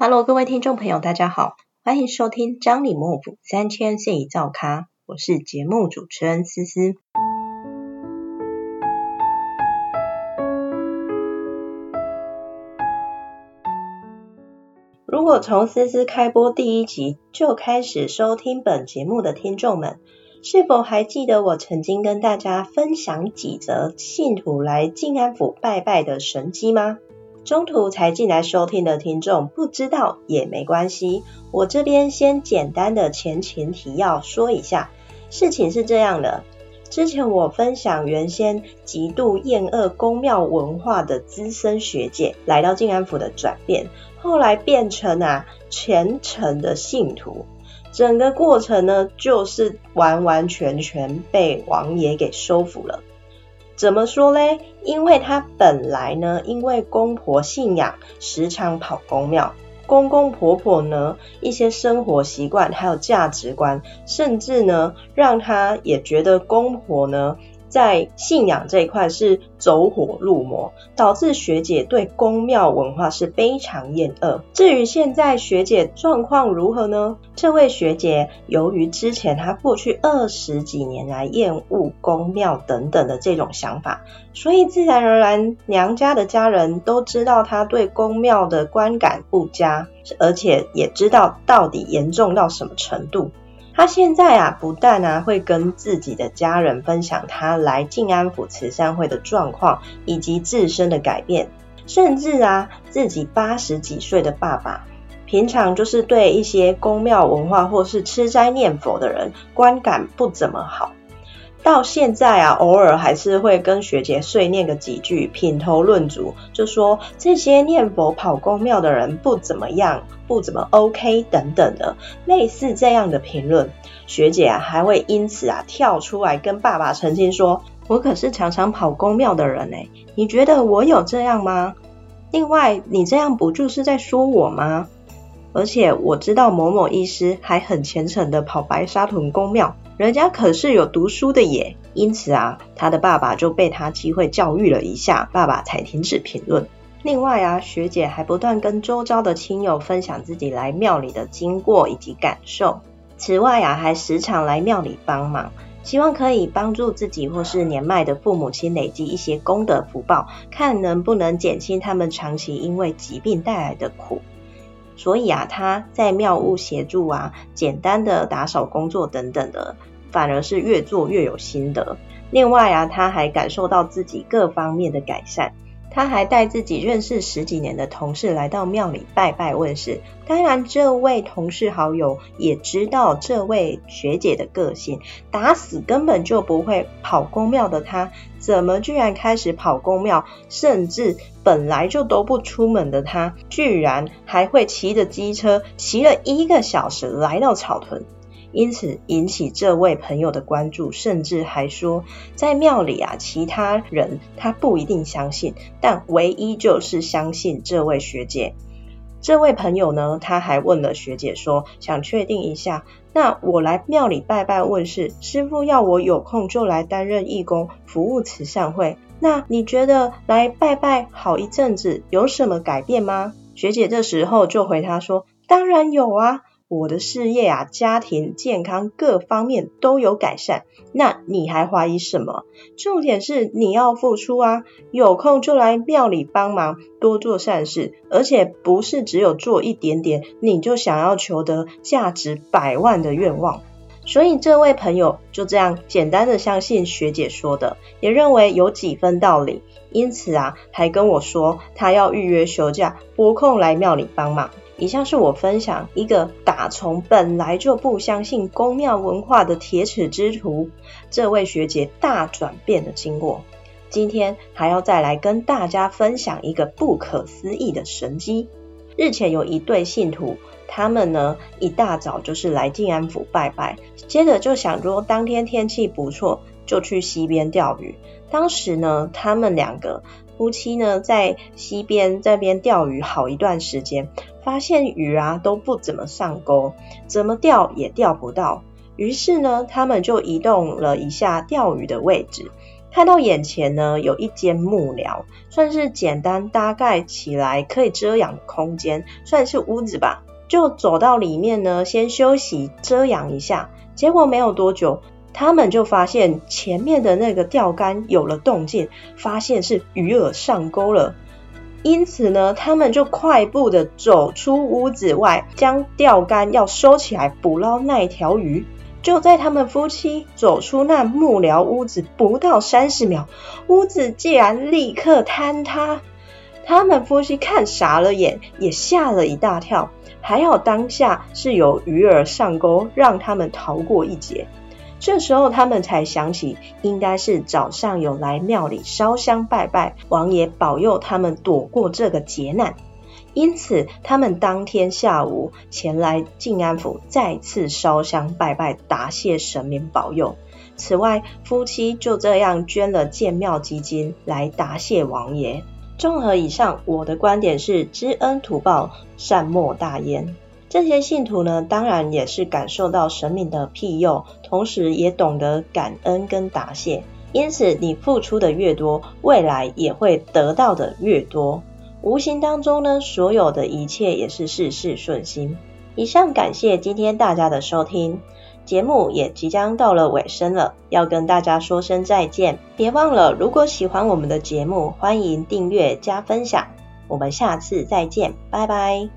哈嘍各位聽眾朋友，大家好，歡迎收聽《張李莫府三千歲》造咖，我是節目主持人思思。如果從思思開播第一集就開始收聽本節目的聽眾們，是否還記得我曾經跟大家分享幾則信徒來進安府拜拜的神蹟嗎？中途才進來收聽的聽眾，不知道也沒關係。我這邊先簡單的前情提要說一下，事情是這樣的。之前我分享原先極度厭惡宮廟文化的資深學姐，來到進安府的轉變，後來變成啊虔誠的信徒。整個過程呢，就是完完全全被王爺給收服了。怎麼說嘞？因為他本來呢，因為公婆信仰，時常跑宮廟，公公婆、婆婆呢，一些生活習慣還有價值觀，甚至呢，讓他也覺得公婆呢在信仰這一塊是走火入魔，導致學姐對宮廟文化是非常厭惡。至於現在學姐狀況如何呢？這位學姐由於之前她過去二十幾年來厭惡宮廟等等的這種想法，所以自然而然娘家的家人都知道她對宮廟的觀感不佳，而且也知道到底嚴重到什麼程度。他現在啊，不但啊會跟自己的家人分享他來進安府慈善會的狀況以及自身的改變，甚至啊自己八十幾歲的爸爸，平常就是對一些宮廟文化或是吃齋念佛的人觀感不怎麼好。到現在啊，偶爾還是會跟學姐碎念個幾句，品頭論足，就說這些念佛跑宮廟的人不怎麼樣，不怎麼 OK 等等的，類似這樣的評論，學姐啊，還會因此啊跳出來跟爸爸澄清說，我可是常常跑宮廟的人誒、欸、你覺得我有這樣嗎？另外，你這樣不就是在說我嗎？而且我知道某某醫師還很虔誠的跑白沙屯宮廟。人家可是有讀書的耶，因此啊，他的爸爸就被他機會教育了一下，爸爸才停止評論。另外啊，學姐還不斷跟周遭的親友分享自己來廟裡的經過以及感受。此外啊，還時常來廟裡幫忙，希望可以幫助自己或是年邁的父母親累積一些功德福報，看能不能減輕他們長期因為疾病帶來的苦。所以啊，他在廟務協助啊，簡單的打掃工作等等的，反而是越做越有心得。另外啊，他還感受到自己各方面的改善。他還帶自己認識十幾年的同事來到廟裡拜拜問事。當然這位同事好友也知道這位學姐的個性，打死根本就不會跑宮廟的他，怎麼居然開始跑宮廟？甚至本來就都不出門的他，居然還會騎着機車騎了一個小時來到草屯。因此引起這位朋友的關注，甚至還說在廟裡啊，其他人他不一定相信，但唯一就是相信這位學姐。這位朋友呢，他還問了學姐說，想確定一下，那我來廟裡拜拜問事，師父要我有空就來擔任義工服務慈善會。那你覺得來拜拜好一陣子有什麼改變嗎？學姐這時候就回他說，當然有啊。我的事業啊、家庭、健康各方面都有改善，那你還懷疑什麼？重點是你要付出啊，有空就來廟裡幫忙，多做善事，而且不是只有做一點點，你就想要求得價值百萬的願望。所以這位朋友就這樣簡單的相信學姐說的，也認為有幾分道理，因此啊，還跟我說他要預約休假，撥空來廟裡幫忙。以下是我分享一個打從本來就不相信宮廟文化的鐵齒之徒，這位學姐大轉變的經過。今天還要再來跟大家分享一個不可思議的神蹟。日前有一對信徒，他們呢一大早就是來進安府拜拜，接着就想說當天天氣不錯，就去溪邊釣魚。當時呢，他們兩個夫妻呢，在西邊這邊釣魚好一段時間，發現魚啊都不怎麼上鈎，怎麼釣也釣不到。於是呢，他們就移動了一下釣魚的位置，看到眼前呢有一間木寮，算是簡單搭蓋起來可以遮陽的空間，算是屋子吧。就走到裡面呢，先休息遮陽一下。結果沒有多久，他們就發現前面的那個釣竿有了動靜，發現是魚兒上鈎了。因此呢，他們就快步的走出屋子外，將釣竿要收起來捕撈那條魚。就在他們夫妻走出那木寮屋子不到三十秒，屋子竟然立刻坍塌。他們夫妻看傻了眼，也嚇了一大跳。還好當下是有魚兒上鈎，讓他們逃過一劫。這時候他們才想起，應該是早上有來廟裡燒香拜拜，王爺保佑他們躲過這個劫難，因此他們當天下午前來進安府再次燒香拜拜，答謝神明保佑。此外，夫妻就這樣捐了建廟基金來答謝王爺。綜合以上，我的觀點是知恩圖報，善莫大焉。這些信徒呢，當然也是感受到神明的庇佑，同時也懂得感恩跟答謝。因此，你付出的越多，未來也會得到的越多。無形當中呢，所有的一切也是事事順心。以上感謝今天大家的收聽，節目也即將到了尾聲了，要跟大家說聲再見。別忘了，如果喜歡我們的節目，歡迎訂閱加分享。我們下次再見，拜拜。